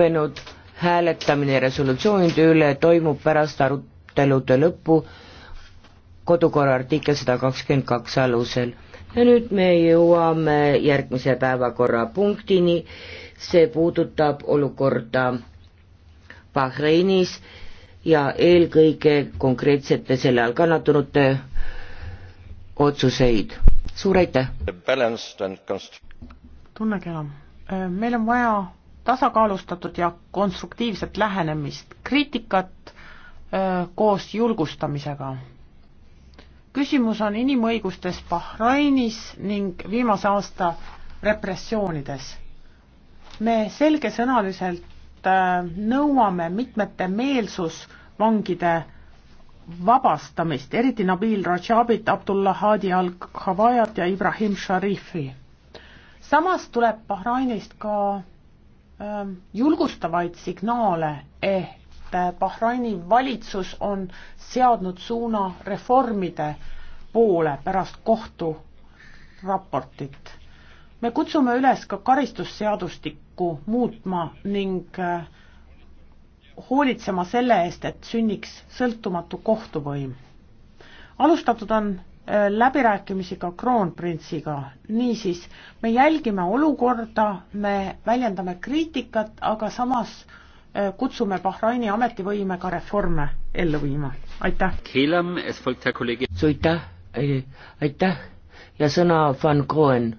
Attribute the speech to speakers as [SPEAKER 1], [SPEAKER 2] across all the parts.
[SPEAKER 1] lõppenud, hääletamine resolutsioonide üle toimub pärast arutelude lõppu kodukorra artikkel sada kakskümmend kaks alusel. ja nüüd me jõuame järgmise päevakorrapunktini, see puudutab olukorda Bahreinis ja eelkõige konkreetsete selle all kannatanute otsuseid. suur aitäh!
[SPEAKER 2] tunnege enam, meil on vaja tasakaalustatud ja konstruktiivset lähenemist, kriitikat öö, koos julgustamisega. küsimus on inimõigustes Bahrainis ning viimase aasta repressioonides. me selgesõnaliselt nõuame mitmete meelsusvangide vabastamist, eriti Nabil Rajabit, Abdullah Hadi al-Khawajat ja Ibrahim Sharifi. samas tuleb Bahrainist ka Ähm, julgustavaid signaale, et Bahraini valitsus on seadnud suuna reformide poole pärast kohturaportit. me kutsume üles ka karistusseadustikku muutma ning äh, hoolitsema selle eest, et sünniks sõltumatu kohtuvõim. alustatud on läbirääkimisi ka kroonprintsiga. niisiis, me jälgime olukorda, me väljendame kriitikat, aga samas äh, kutsume Bahraini ametivõime ka reforme ellu viima. aitäh!
[SPEAKER 1] aitäh, äh, aitäh ja sõna Van Cohen.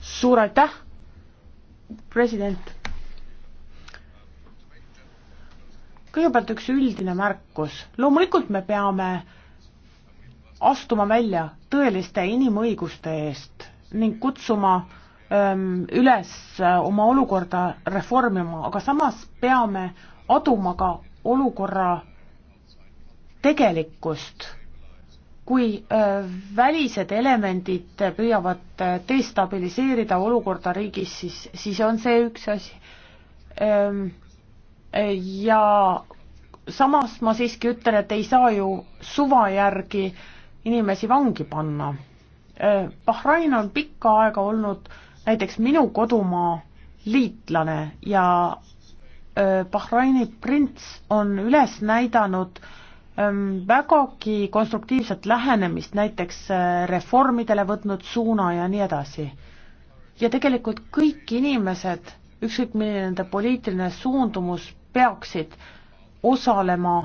[SPEAKER 2] suur aitäh, president! kõigepealt üks üldine märkus, loomulikult me peame äh, astuma välja tõeliste inimõiguste eest ning kutsuma öö, ähm, üles äh, oma olukorda reformima, aga samas peame aduma ka olukorra tegelikkust. kui öö, äh, välised elemendid püüavad äh, destabiliseerida olukorda riigis, siis, siis on see üks asi. Ähm, ja samas ma siiski ütlen, et ei saa ju suva järgi öö, inimesi vangi panna. Äh, Bahrain on pikka aega olnud näiteks minu kodumaa liitlane ja äh, Bahraini prints on üles näidanud ähm, vägagi konstruktiivset lähenemist, näiteks äh, reformidele võtnud suuna ja nii edasi. ja tegelikult kõik inimesed, ükskõik milline nende poliitiline suundumus, peaksid osalema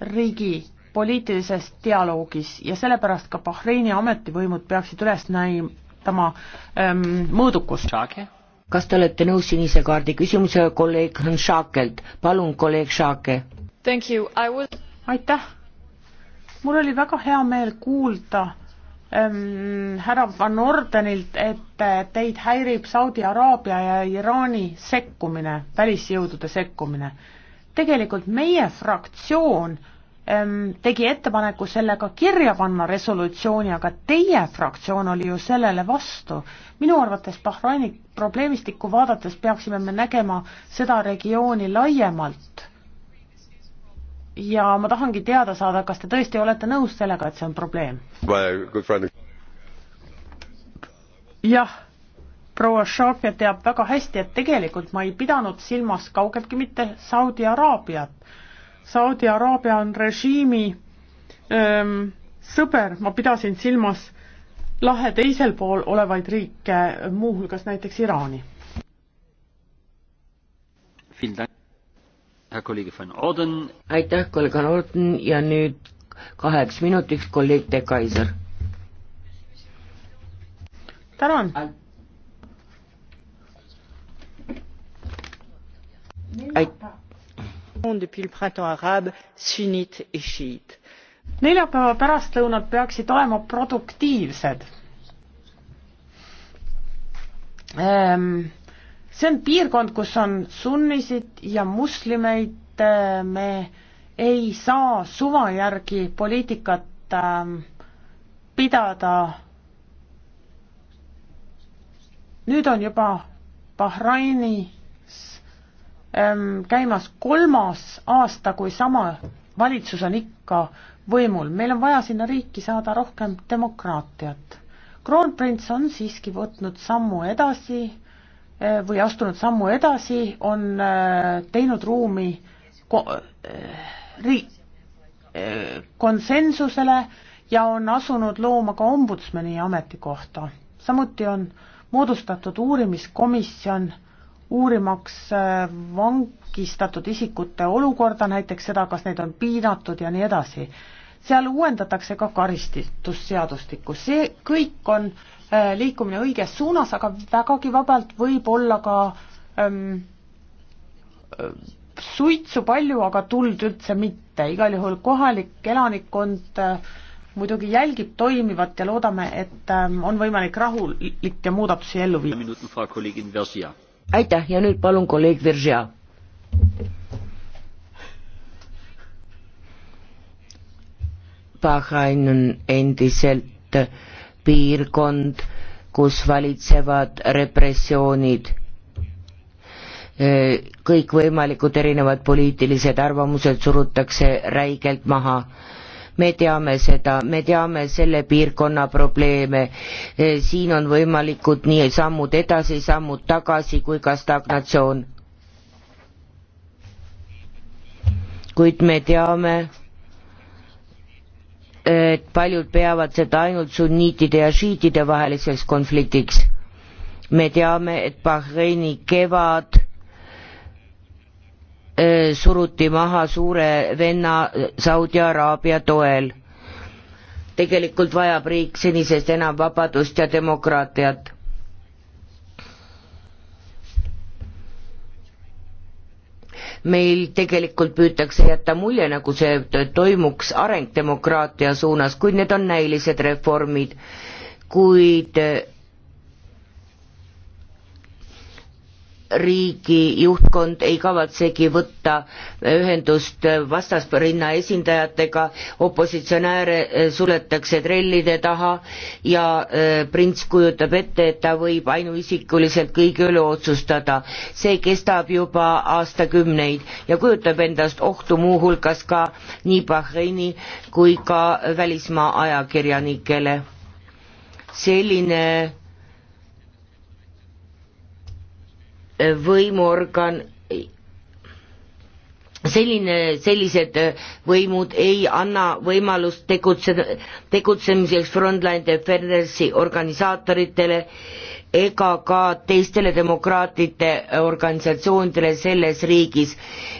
[SPEAKER 2] riigi poliitilises dialoogis ja sellepärast ka Bahreini ametivõimud peaksid üles näitama ähm, mõõdukust.
[SPEAKER 1] kas te olete nõus sinise kaardi küsimusega kolleeg Hanšakelt, palun kolleeg Šake.
[SPEAKER 2] Will... aitäh, mul oli väga hea meel kuulda ähm, härra Van Ordenilt, et teid häirib Saudi Araabia ja Iraani sekkumine, välisjõudude sekkumine. tegelikult meie fraktsioon äh, Ehm, tegi ettepaneku sellega kirja panna resolutsiooni, aga teie fraktsioon oli ju sellele vastu. minu arvates Bahraini probleemistikku vaadates peaksime me nägema seda regiooni laiemalt. ja ma tahangi teada saada, kas te tõesti olete nõus sellega, et see on probleem? jah, proua Sharpia teab väga hästi, et tegelikult ma ei pidanud silmas kaugeltki mitte Saudi Araabiat Saudi Araabia on režiimi öö, ähm, sõber, ma pidasin silmas lahe teisel pool olevaid riike, muuhulgas näiteks Iraani. aitäh, kolleeg Van Orden ja nüüd
[SPEAKER 1] kaheks minutiks kolleeg De Kaiser. tänan.
[SPEAKER 2] aitäh neljapäeva pärastlõunad peaksid olema produktiivsed. Ehm, see on piirkond, kus on sunnisid ja moslemeid, ehm, me ei saa suva järgi poliitikat ehm, pidada. nüüd on juba Bahraini Ähm, käimas kolmas aasta, kui sama valitsus on ikka võimul, meil on vaja sinna riiki saada rohkem demokraatiat. kroonprints on siiski võtnud sammu edasi äh, või astunud sammu edasi, on äh, teinud ruumi ko-, äh, ri-, konsensusele ja on asunud looma ka ombudsmani ametikohta. samuti on moodustatud uurimiskomisjon äh, uurimaks äh, vangistatud isikute olukorda, näiteks seda, kas neid on piinatud ja nii edasi. seal uuendatakse ka karistusseadustikku, see kõik on äh, liikumine õiges suunas, aga vägagi vabalt võib olla ka ähm, äh, suitsu palju, aga tuld üldse mitte, igal juhul kohalik elanikkond äh, muidugi jälgib toimivat ja loodame, et äh, on võimalik rahulikke muudatusi ellu viia aitäh ja nüüd palun kolleeg Veržea.
[SPEAKER 1] Bahrain on endiselt piirkond, kus valitsevad repressioonid. kõikvõimalikud erinevad poliitilised arvamused surutakse räigelt maha me teame seda, me teame selle piirkonna probleeme, e, siin on võimalikud nii sammud edasi, sammud tagasi kui ka stagnatsioon. kuid me teame, et paljud peavad seda ainult sunniitide ja šiitide vaheliseks konfliktiks. me teame, et Bahreini kevad Eh, suruti maha suure venna Saudi Araabia toel. tegelikult vajab riik senisest enam vabadust ja demokraatiat. meil tegelikult püütakse jätta mulje, nagu see toimuks areng demokraatia suunas, kuid need on näilised reformid, kuid riigi juhtkond ei kavatsegi võtta ühendust vastaspinna esindajatega, opositsionääre eh, suletakse trellide taha ja eh, prints kujutab ette, et ta võib ainuisikuliselt kõige üle otsustada. see kestab juba aastakümneid ja kujutab endast ohtu muuhulgas ka nii Bahreini kui ka välismaa ajakirjanikele. selline võimuorgan selline, sellised võimud ei anna võimalust tegutse-, tegutsemiseks Frontline Defendersi organisaatoritele ega ka teistele demokraatide organisatsioonidele selles riigis.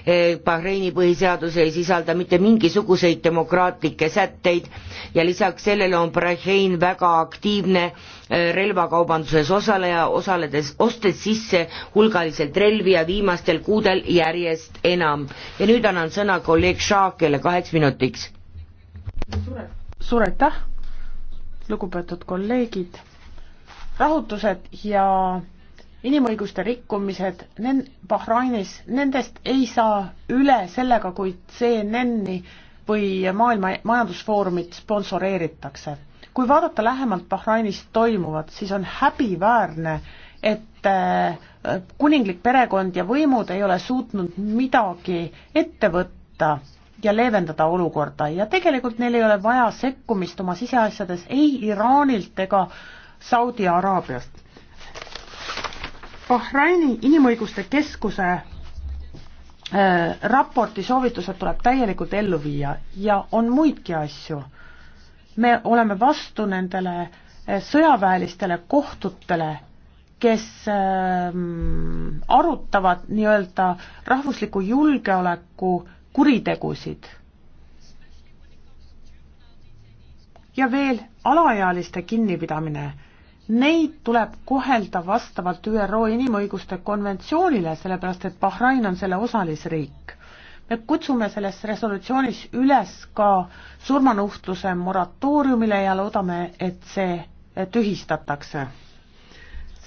[SPEAKER 1] Eh, Bahreini põhiseadus ei sisalda mitte mingisuguseid demokraatlikke sätteid ja lisaks sellele on Bahrein väga aktiivne eh, relvakaubanduses osaleja, osaledes, ostes sisse hulgaliselt relvi ja viimastel kuudel järjest enam. ja nüüd annan sõna kolleeg Šaakele kaheks minutiks.
[SPEAKER 2] suur aitäh, lugupeetud kolleegid rahutused ja inimõiguste rikkumised nen-, Bahrainis, nendest ei saa üle sellega, kui CNN-i või Maailma Majandusfoorumit sponsoreeritakse. kui vaadata lähemalt Bahrainis toimuvat, siis on häbiväärne, et äh, kuninglik perekond ja võimud ei ole suutnud midagi ette võtta ja leevendada olukorda ja tegelikult neil ei ole vaja sekkumist oma siseasjades ei Iraanilt ega äh, Saudi Araabiast. Bahraini Inimõiguste Keskuse äh, raporti soovitused tuleb täielikult ellu viia ja on muidki asju. me oleme vastu nendele äh, sõjaväelistele kohtutele, kes äh, arutavad nii-öelda rahvusliku julgeoleku kuritegusid ja veel alaealiste kinnipidamine neid tuleb kohelda vastavalt ÜRO inimõiguste konventsioonile, sellepärast et Bahrain on selle osalisriik. me kutsume selles resolutsioonis üles ka surmanuhtluse moratooriumile ja loodame, et see tühistatakse.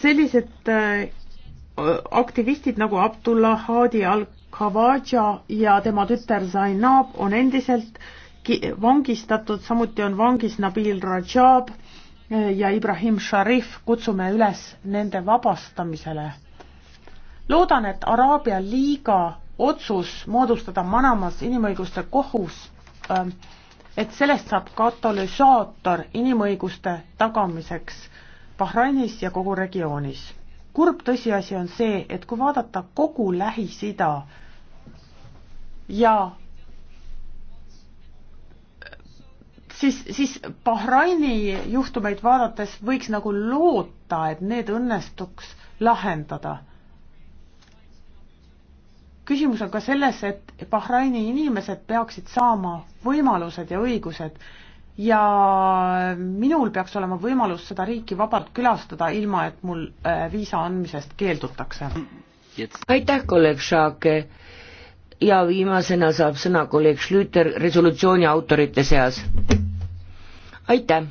[SPEAKER 2] sellised äh, aktivistid nagu Abdullah Hadi al-Khawaja ja tema tütar Zainab on endiselt vangistatud, samuti on vangis Nabil Rajab, ja Ibrahim Sharif kutsume üles nende vabastamisele. loodan, et Araabia liiga otsus moodustada Manamas inimõiguste kohus, ähm, et sellest saab katalüsaator inimõiguste tagamiseks Bahrainis ja kogu regioonis. kurb tõsiasi on see, et kui vaadata kogu Lähis-Ida ja siis, siis Bahraini juhtumeid vaadates võiks nagu loota, et need õnnestuks lahendada. küsimus on ka selles, et Bahraini inimesed peaksid saama võimalused ja õigused ja minul peaks olema võimalus seda riiki vabalt külastada, ilma et mul äh, viisa andmisest keeldutakse.
[SPEAKER 1] aitäh, kolleeg Šaake ja viimasena saab sõna kolleeg Schlüter resolutsiooni autorite seas aitäh!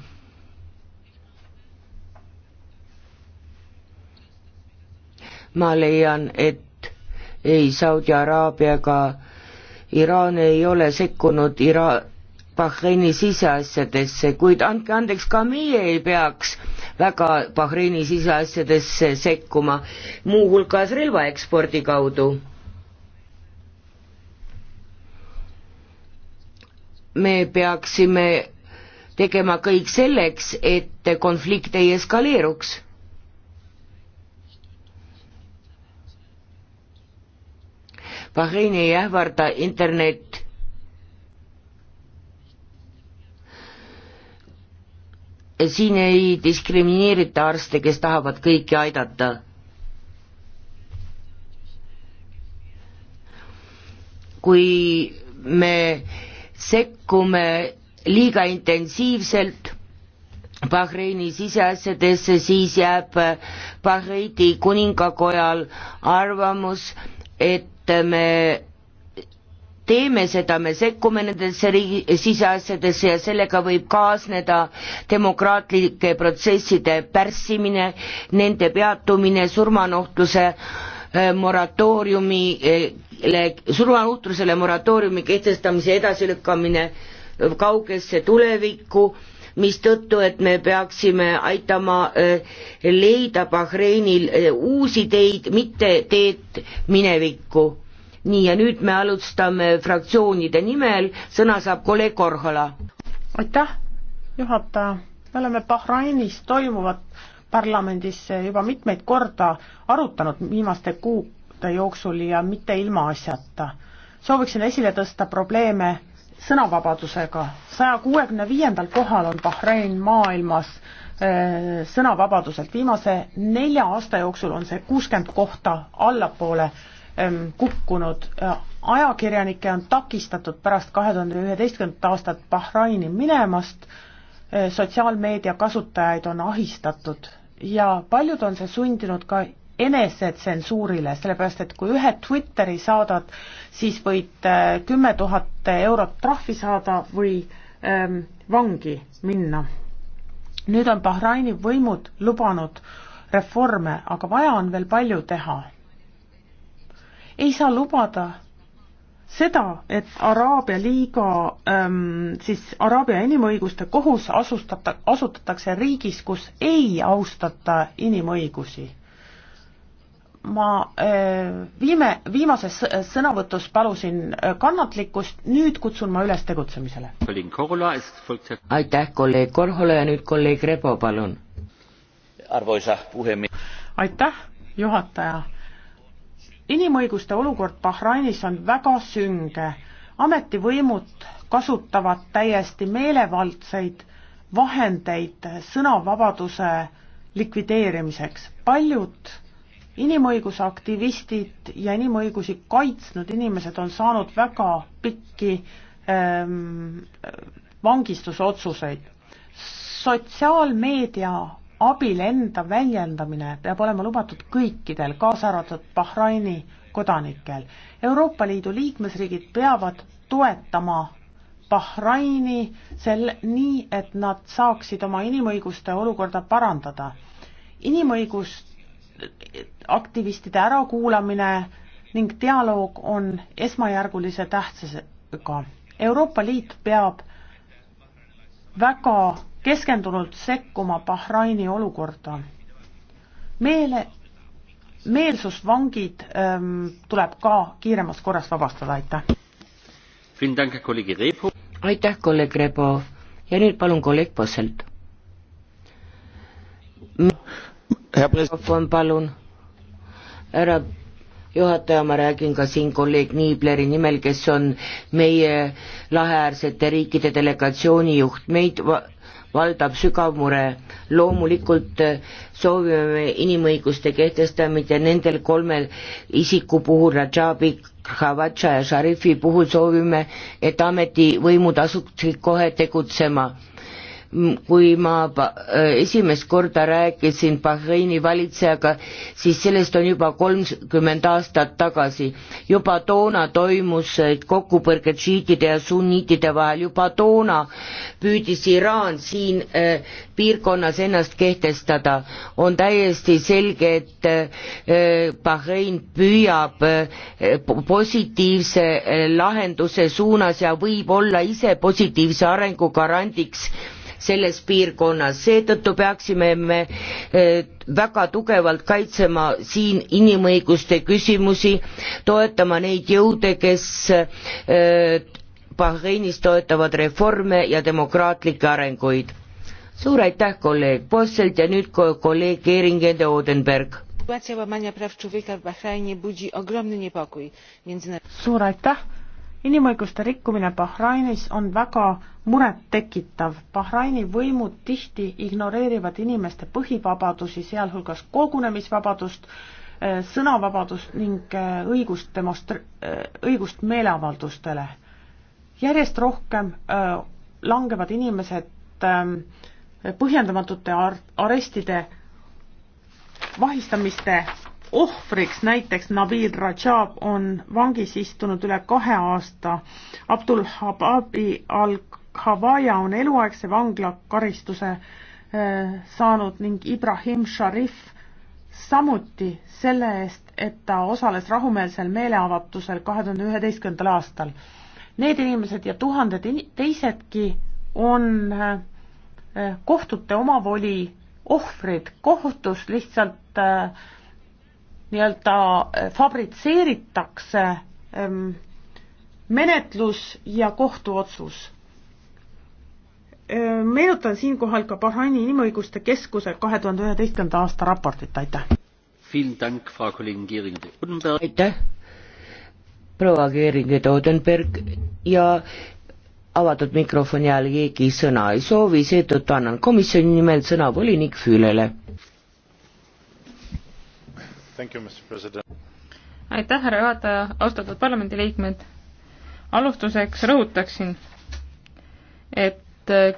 [SPEAKER 1] ma leian, et ei Saudi Araabia ega Iraan ei ole sekkunud Ira-, Bahreini siseasjadesse, kuid andke andeks, ka meie ei peaks väga Bahreini siseasjadesse sekkuma, muuhulgas relvaekspordi kaudu. me peaksime tegema kõik selleks, et konflikt ei eskaleeruks Bahreini ei ähvarda internet. siin ei diskrimineerita arste, kes tahavad kõiki aidata. kui me sekkume liiga intensiivselt Bahreini siseasjadesse, siis jääb äh, Bahreidi kuningakojal arvamus, et me teeme seda, me sekkume nendesse riigi siseasjadesse ja sellega võib kaasneda demokraatlike protsesside pärssimine, nende peatumine, surmanohtuse äh, moratooriumile, äh, surmanuhtlusele moratooriumi kehtestamise edasilükkamine kaugesse tulevikku, mistõttu, et me peaksime aitama eh, leida Bahreinil eh, uusi teid, mitte teed minevikku. nii, ja nüüd me alustame fraktsioonide nimel, sõna saab kolleeg Korhola.
[SPEAKER 2] aitäh, juhataja, me oleme Bahrainis toimuvat parlamendis juba mitmeid korda arutanud viimaste kuude jooksul ja mitte ilmaasjata. sooviksin esile tõsta probleeme sõnavabadusega. saja kuuekümne viiendal kohal on Bahrein maailmas eh, sõnavabaduselt. viimase nelja aasta jooksul on see kuuskümmend kohta allapoole ehm, kukkunud. Eh, ajakirjanikke on takistatud pärast kahe tuhande üheteistkümnendat aastat Bahraini minemast, eh, sotsiaalmeedia kasutajaid on ahistatud ja paljud on see sundinud ka enesetsensuurile, sellepärast et kui ühe Twitteri saadad, siis võid äh, kümme tuhat eurot trahvi saada või ähm, vangi minna. nüüd on Bahraini võimud lubanud reforme, aga vaja on veel palju teha. ei saa lubada seda, et Araabia liiga ähm,, siis Araabia inimõiguste kohus asustata, asutatakse riigis, kus ei austata inimõigusi ma äh, viime, viimases sõnavõtus palusin äh, kannatlikkust, nüüd kutsun ma üles tegutsemisele.
[SPEAKER 1] aitäh, kolleeg Korhola ja nüüd kolleeg Rebo, palun.
[SPEAKER 2] aitäh, juhataja. inimõiguste olukord Bahrainis on väga sünge. ametivõimud kasutavad täiesti meelevaldseid vahendeid sõnavabaduse likvideerimiseks. paljud inimõiguse aktivistid ja inimõigusi kaitsnud inimesed on saanud väga pikki ähm, vangistusotsuseid. sotsiaalmeedia abil enda väljendamine peab olema lubatud kõikidel, kaasa arvatud Bahraini kodanikel. Euroopa Liidu liikmesriigid peavad toetama Bahraini sel-, nii, et nad saaksid oma inimõiguste olukorda parandada. inimõigus aktivistide ärakuulamine ning dialoog on esmajärgulise tähtsusega. Euroopa Liit peab väga keskendunult sekkuma Bahraini olukorda. meele, meelsusvangid ähm, tuleb ka kiiremas korras vabastada, aitäh. aitäh, kolleeg Rebo
[SPEAKER 1] ja nüüd palun kolleeg Posselt. mikrofon palun härra juhataja, ma räägin ka siin kolleeg Niibleri nimel, kes on meie laheäärsete riikide delegatsiooni juht, meid va valdab sügav mure. loomulikult eh, soovime me inimõiguste kehtestamist ja nendel kolmel isiku puhul, Rajabi, Khavatša ja Šarifi puhul soovime, et ametivõimud asuksid kohe tegutsema kui ma äh, esimest korda rääkisin Bahreini valitsejaga, siis sellest on juba kolmkümmend aastat tagasi. juba toona toimus kokkupõrked šiitide ja sunniitide vahel, juba toona püüdis Iraan siin äh, piirkonnas ennast kehtestada. on täiesti selge, et äh, Bahrein püüab positiivse lahenduse suunas ja võib olla ise positiivse arengu garandiks selles piirkonnas, seetõttu peaksime me eh, väga tugevalt kaitsema siin inimõiguste küsimusi, toetama neid jõude, kes eh, Bahreinis toetavad reforme ja demokraatlikke arenguid. suur aitäh, kolleeg Posselt ja nüüd kolleeg Eeringen de Odenberg. sytuacja łamania praw człowieka w Bahrajnie budzi ogromny niepokój
[SPEAKER 2] międzynarodowy inimõiguste rikkumine Bahrainis on väga murettekitav. Bahraini võimud tihti ignoreerivad inimeste põhivabadusi, sealhulgas kogunemisvabadust, eh, sõnavabadust ning eh, õigust demonstre-, eh, õigust meeleavaldustele. järjest rohkem langevad inimesed põhjendamatute arestide, vahistamiste ohvriks, näiteks Nabil Rajab on vangis istunud üle kahe aasta, Abdul Hababi al-Khawaja on eluaegse vanglakaristuse äh, saanud ning Ibrahim Sharif samuti selle eest, et ta osales rahumeelsel meeleavatusel kahe tuhande üheteistkümnendal aastal. Need inimesed ja tuhanded teisedki on äh, kohtute omavoli ohvrid, kohtus lihtsalt äh, nii-öelda äh, fabritseeritakse ähm, menetlus ja kohtuotsus ähm,. meenutan siinkohal ka Bahraini Inimõiguste Keskuse kahe tuhande üheteistkümnenda aasta raportit, aitäh! aitäh,
[SPEAKER 1] proua Geeringi-Todenberg ja avatud mikrofoni all keegi sõna ei soovi, seetõttu annan komisjoni nimel sõna volinik Füülele
[SPEAKER 3] aitäh, härra juhataja, austatud parlamendiliikmed. alustuseks rõhutaksin, et äh,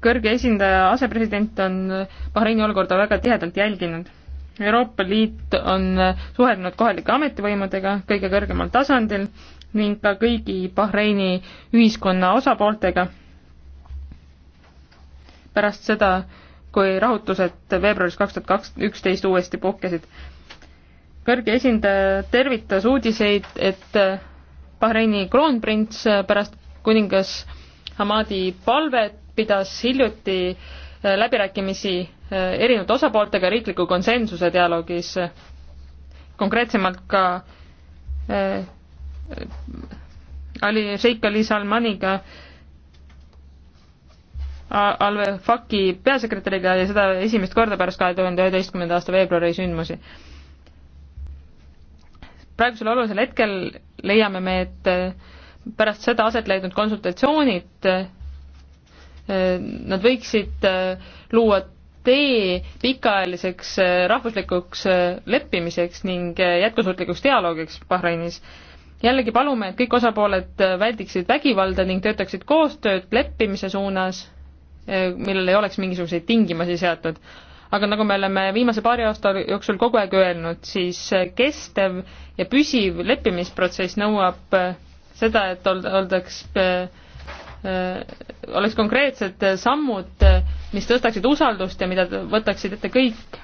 [SPEAKER 3] kõrge esindaja asepresident on äh, Bahreini olukorda väga tihedalt jälginud. Euroopa Liit on äh, suhelnud kohalike ametivõimudega kõige kõrgemal tasandil ning ka kõigi Bahreini ühiskonna osapooltega pärast seda, kui rahutused veebruaris kaks tuhat kaks, üksteist uuesti puhkesid kõrge esindaja tervitas uudiseid, et Bahreini kroonprints pärast kuningas Hamadi palvet pidas hiljuti äh, läbirääkimisi äh, erinevate osapooltega riikliku konsensuse dialoogis, konkreetsemalt ka äh, Ali, Sheikh Ali Salmaniga, Alve Faki peasekretäriga ja seda esimest korda pärast kahe tuhande üheteistkümnenda aasta veebruari sündmusi praegusel olulisel hetkel leiame me, et äh, pärast seda aset leidnud konsultatsioonid äh, nad võiksid äh, luua tee pikaajaliseks rahvuslikuks leppimiseks ning jätkusuutlikuks dialoogiks Bahrainis. jällegi palume, et kõik osapooled väldiksid vägivalda ning töötaksid koostööd leppimise suunas, millel ei oleks mingisuguseid tingimusi seatud aga nagu me oleme viimase paari aasta jooksul kogu aeg öelnud, siis kestev ja püsiv leppimisprotsess nõuab äh, seda, et oldaks äh, äh, oleks konkreetsed sammud, mis tõstaksid usaldust ja mida võtaksid ette kõik.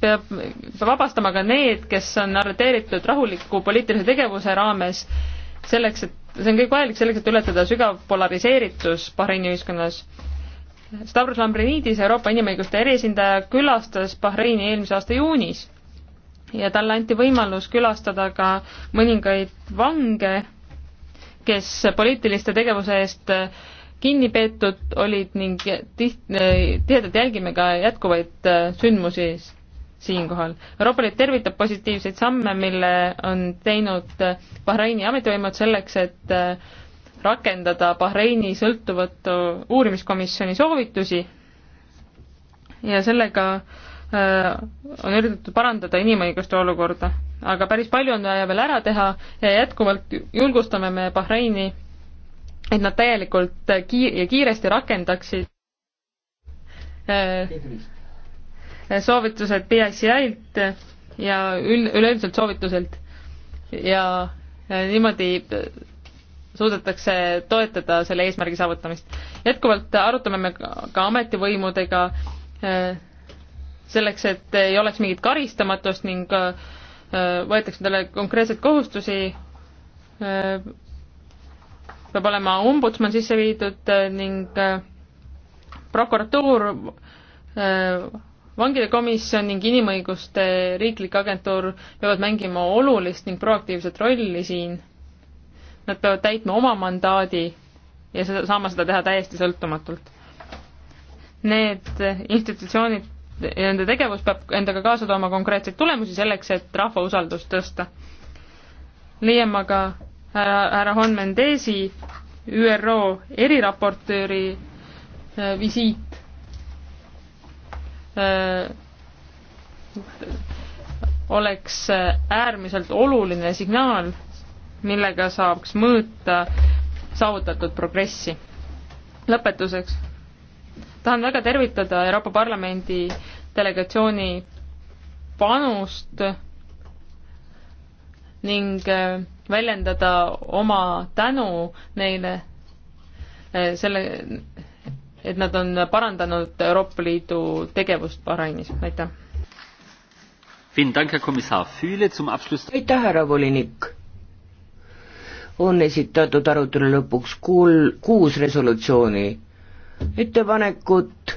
[SPEAKER 3] peab vabastama ka need, kes on arreteeritud rahuliku poliitilise tegevuse raames selleks, et see on kõik vajalik selleks, et ületada sügav polariseeritus Bahreini ühiskonnas Stavros Lambrinidis, Euroopa Inimõiguste eriesindaja, külastas Bahreini eelmise aasta juunis ja talle anti võimalus külastada ka mõningaid vange, kes poliitiliste tegevuse eest äh, kinni peetud olid ning tiht-, äh, tihedalt jälgime ka jätkuvaid äh, sündmusi siinkohal. Euroopa Liit tervitab positiivseid samme, mille on teinud Bahraini ametivõimud selleks, et rakendada Bahreini sõltuvatu uurimiskomisjoni soovitusi ja sellega äh, on üritatud parandada inimõiguste olukorda. aga päris palju on vaja veel ära teha ja jätkuvalt julgustame me Bahreini, et nad täielikult kiir- ja kiiresti rakendaksid äh, soovitused PICI-lt ja üld, üleüldiselt soovituselt ja äh, niimoodi suudetakse toetada selle eesmärgi saavutamist. jätkuvalt arutame me ka ametivõimudega eh, selleks, et ei oleks mingit karistamatust ning eh, võetakse endale konkreetseid kohustusi, eh, peab olema ombudsman sisse viidud ning prokuratuur, vangide komisjon ning inimõiguste riiklik agentuur peavad mängima olulist ning proaktiivset rolli siin nad peavad täitma oma mandaadi ja seda, saama seda teha täiesti sõltumatult. Need institutsioonid ja nende tegevus peab endaga kaasa tooma konkreetseid tulemusi selleks, et rahva usaldust tõsta. leiame aga härra, härra Hon Mendesi ÜRO eriraportööri äh, visiit äh, oleks äh, äärmiselt oluline signaal millega saaks mõõta saavutatud progressi. lõpetuseks tahan väga tervitada Euroopa Parlamendi delegatsiooni panust ning äh, väljendada oma tänu neile äh, selle, et nad on parandanud Euroopa Liidu tegevust Bahrainis, aitäh!
[SPEAKER 1] aitäh, härra volinik! on esitatud arutelu lõpuks kuul-, kuus resolutsiooni ettepanekut,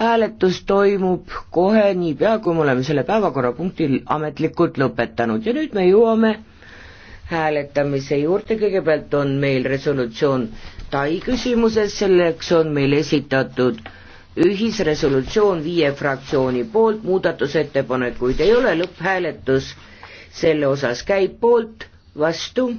[SPEAKER 1] hääletus toimub kohe niipea, kui me oleme selle päevakorrapunktil ametlikult lõpetanud ja nüüd me jõuame hääletamise juurde, kõigepealt on meil resolutsioon Tai küsimuses, selleks on meil esitatud ühisresolutsioon viie fraktsiooni poolt, muudatusettepanekuid ei ole, lõpphääletus selle osas käib poolt, vastu